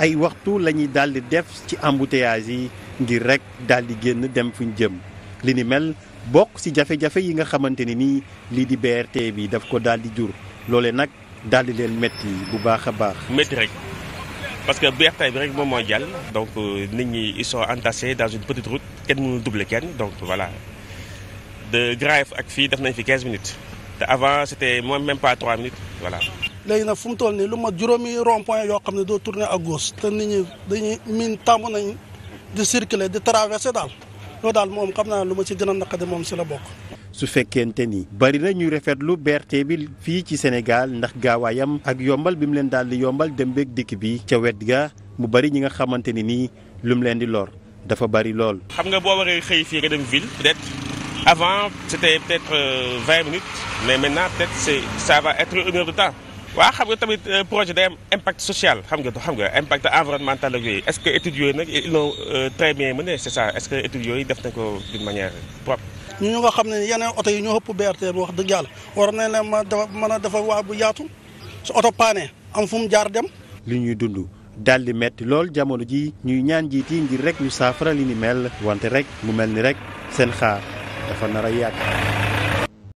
ay waxtu la ñuy daal di def ci embouteillage yi ngir rek daal di génn dem fu ñu jëm li ni mel bokk ci jafe-jafe yi nga xamante ni nii lii di BRT bi daf ko daal di jur loole nag daal di leen yi bu baax a baax. métti rek parce que BRT bi rek moom mooy jàll. donc euh, nit ñi ils sont entassés dans une petite route kenn mënul doubler kenn donc voilà de Grand ak fii def nañ fi 15 minutes te avant c'était moins même pas 3 minutes voilà. léegi na fu mu toll nii lu ma juróomi rond point yoo xam ne doo tourner à gauche te nit ñi dañuy miin tàmm nañ di circuler di traverser daal loolu daal moom xam naa lu ma ci gën a naqadi moom si la bokk. su fekkente ni bari na ñuy rafetlu BRT bi fii ci Sénégal ndax gaawaayam ak yombal bi mu leen daal di yombal dem beeg dikk bi ca wet ga mu bari ñi nga xamante ni nii lu mu leen di lor dafa bari lool. xam nga boo waree xëy fii nga dem ville peut avant c'était euh, mais maintenant peut-être c'est waaw xam nga tamit euh, projet day am impact social xam nga xam nga impact environnement ak yooyu est-ce que études yooyu nag ils l'ont euh, très bien mené c'est yooyu def nañ ko d'une manière propre ñu nga xam ne yeneen oto yi ñoo ëpp BRT bi wax dëgg war war nañ na ma dafa mën a dafa waa bu yaatu su oto paanee am fu mu jaar dem li ñuy dund daal di metti lool jamono ji ñuy ñaan jiit yi ngir rek ñu saafara li ni mel wante rek mu mel ni rek seen xaar dafa nar a